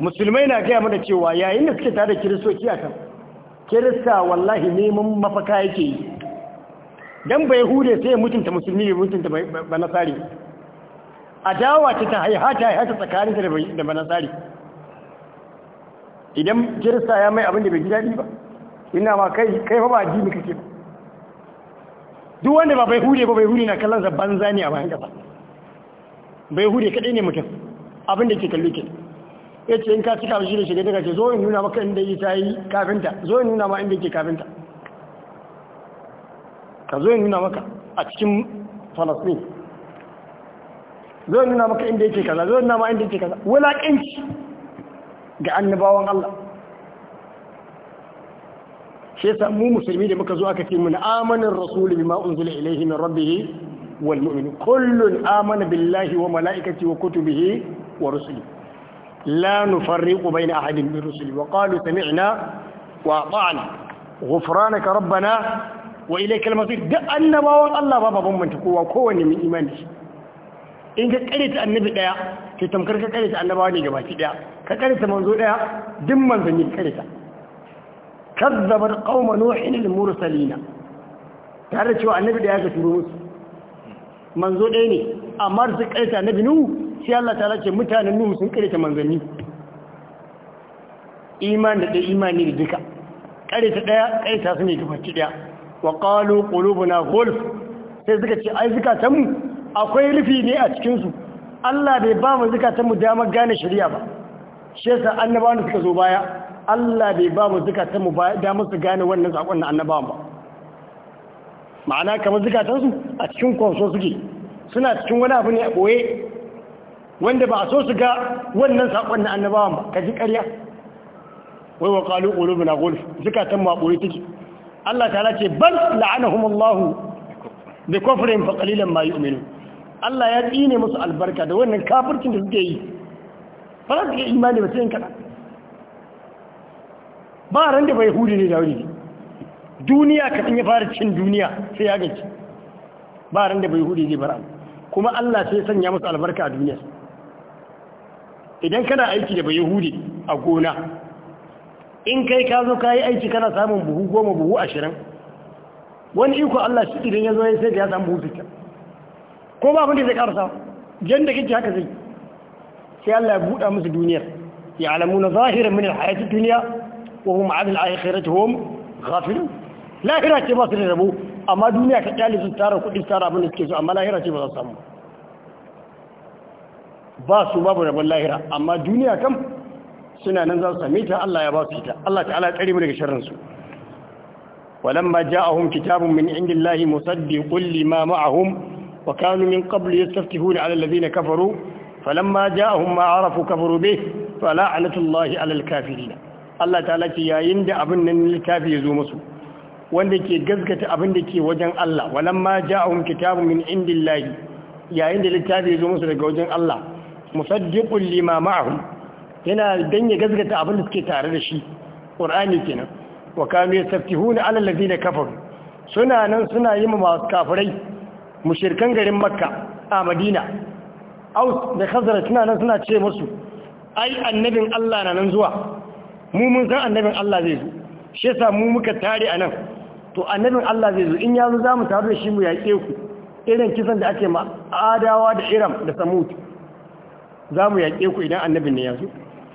musulmai na gaya mana cewa yayin da suke tare da kiristoci a can, kirista wallahi neman mafaka yake yi don bai hude sai mutunta musulmi ne mutunta ba nasari a ta ta haihata haihata tsakanin da banasari idan kirista ya mai abin da bai ji daɗi ba ina ma kai kai ba ba addini kake ba duk wanda ba bai hude ba bai hude na kallon zabban zane a bayan gaba bai hude kadai ne mutum abin da ke kalli ke ce in ka cika shi da shiga daga ce zo in nuna maka inda yi kafinta zo in nuna ma inda ke kafinta ka zo in nuna maka a cikin Falastin zo nuna maka inda yake kaza zo nuna ma inda yake kaza wulaƙanci ga annabawan Allah shi yasa mu musulmi da muka zo aka ce mun amana ar-rasul bima unzila ilayhi min rabbih wal mu'min kullun amana billahi wa malaikatihi wa kutubihi wa rusuli. la nufarriqu bayna ahadin min rusulihi wa qalu sami'na wa ata'na ghufranaka rabbana wa ilayka al-masir da annabawan Allah ba baban mun kowa kowanne mai imani in ka karyata annabi daya to tamkar ka karyata annabawa ne gabaki daya ka ta manzo daya duk manzanni karyata kazzabar qauma nuhin al mursalina tare da cewa annabi daya ka turo musu manzo daya ne amma su ta annabi nuhu sai Allah ta ce mutanen nuhu sun ta manzanni iman da dai imani da duka ɗaya daya ta su ne gabaki daya wa qalu qulubuna ghulf sai suka ce ai mu? akwai rufi ne a cikinsu Allah bai ba mu zukatanmu damar gane shari'a ba shi yasa annabawan da suka zo baya Allah bai ba mu zukatanmu damar su gane wannan sakon na annabawan ba ma'ana kamar zukatansu a cikin kwanso suke suna cikin wani abu ne a ɓoye wanda ba a so su ga wannan sakon na annabawan ba ka ji karya? wai wa ƙalu ƙulubu na zikatar mu a ɓoye take Allah ta ce bal la'anahumullahu bi kufrin fa qalilan ma yu'minun Allah ya tsine musu albarka da wannan kafircin da suke yi ba za su ga imani ba sai kaɗan ba ran da bai hudu ne da wuri duniya kaɗan ya fara cin duniya sai ya gaji ba ran da bai hudu ba bara kuma Allah sai sanya musu albarka a duniya idan kana aiki da bai hudu a gona in kai ka zo ka yi aiki kana samun buhu goma buhu ashirin wani iko Allah shi idan ya zo ya sai da ya samu buhu sittin ko ba abin da zai karasa jan da kike haka zai sai Allah ya buɗa musu duniyar ya alamuna zahiran min alhayati dunya wa hum an alakhirati hum ghafilun lahira ce ba su da rabo amma duniya ka kyale sun tara kuɗi tara abin da suke so amma lahira ce ba za su samu ba su babu rabon lahira amma duniya kam suna nan za su same ta Allah ya ba su ita Allah ta'ala ya tsare mu daga sharrin su walamma ja'ahum kitabun min indillahi musaddiqun lima ma'ahum وكانوا من قبل يستفتحون على الذين كفروا فلما جاءهم ما عرفوا كفروا به فلعنة الله على الكافرين الله تعالى كي يايند أبن الكافر يزومسوا wanda ke gaskata abin da ke wajen Allah walamma ja'ahum kitabun min indillahi yayin da littafi ya zo musu daga wajen Allah musaddiqul lima ma'ahum yana dan ya gaskata abin da suke tare da shi qur'ani kenan wa kanu yastaftihuna 'ala suna nan suna yi masu kafirai mushirkan garin makka a madina aus da khazara suna nan suna ce musu ai annabin Allah na nan zuwa mu mun san annabin Allah zai zo shi yasa mu muka tare a nan to annabin Allah zai zo in ya zo za mu taru da shi mu yaƙe ku irin kisan da ake ma adawa da iram da samut za mu yaƙe ku idan annabin ne ya zo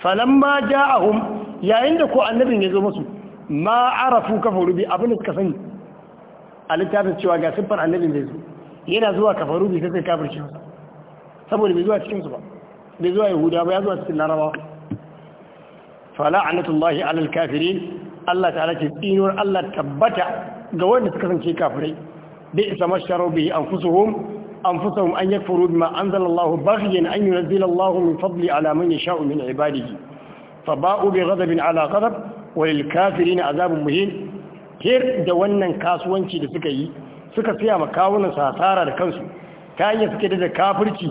falamma ja'ahum yayin da ko annabin ya zo musu ma arafu kafaru bi abin da suka sani a littafin cewa ga siffar annabin zai zo yana zuwa kafaru bai sai kafirci masa saboda bai zuwa cikin su ba bai zuwa yahuda ba ya zuwa cikin larabawa fala'anatullahi alal kafirin Allah ta'ala ce tsinuwar Allah tabbata ga wanda suka kasance kafirai bai isa masharar bai anfusuhum أنفسهم أن يكفروا بما أنزل الله بغيا أن ينزل الله من فضل على من يشاء من da فباءوا kafirin azabun غضب وللكافرين da wannan kasuwanci da suka yi. suka siya ma kawunan hasara da kansu ta hanyar suke da kafirci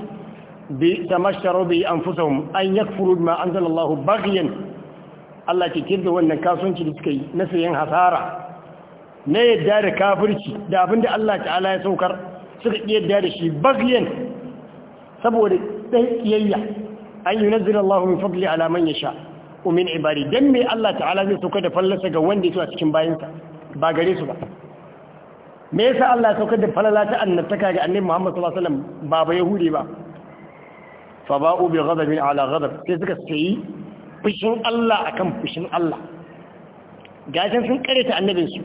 bi tamashtaru bi anfusahum an yakfuru bima anzalallahu baghyan Allah ke kirda wannan kasuwanci da suka yi na sayan hasara na yadda da kafirci da abinda Allah ta'ala ya saukar suka yadda da shi baghyan saboda ɗan kiyayya an yunzila Allah min fadli ala man yasha umin ibadi dan me Allah ta'ala zai sauka da fallasa ga wanda yake a cikin bayinsa ba gare su ba me yasa Allah ya saukar da falala ta annabtaka ga annabi Muhammad sallallahu alaihi wasallam ba ba yahudi ba fa ba'u bi ghadabin ala ghadab sai suka sayi fushin Allah akan fushin Allah gashin sun kareta annabin su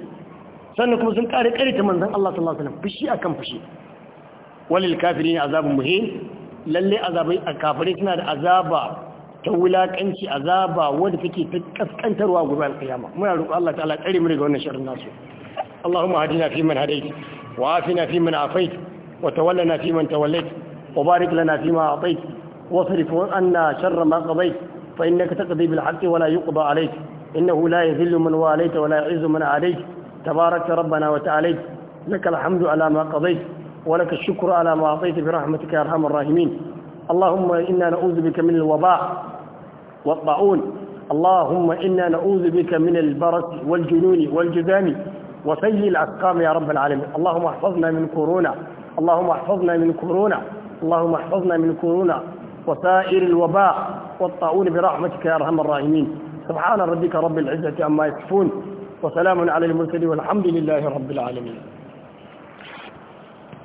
sannan kuma sun kare kareta manzon Allah sallallahu alaihi wasallam fushi akan fushi walil kafirin azabun muhin lalle azabai a kafirai suna da azaba ta wulakanci azaba wanda take ta kaskantarwa gobe alkiyama muna roƙon Allah ta'ala tsare mu daga wannan sharrin nasu اللهم اهدنا فيمن هديت وعافنا فيمن عافيت وتولنا فيمن توليت وبارك لنا فيما أعطيت واصرف عنا شر ما قضيت فإنك تقضي بالحق ولا يقضى عليك إنه لا يذل من واليت ولا يعز من عليك تبارك ربنا وتعاليت لك الحمد على ما قضيت ولك الشكر على ما أعطيت برحمتك يا أرحم الراحمين اللهم إنا نعوذ بك من الوباء والطاعون اللهم إنا نعوذ بك من البرس والجنون والجذام وسيء الأسقام يا رب العالمين اللهم احفظنا من كورونا اللهم احفظنا من كورونا اللهم احفظنا من كورونا وسائر الوباء والطاعون برحمتك يا أرحم الراحمين سبحان ربك رب العزة عما يصفون وسلام على المرسلين والحمد لله رب العالمين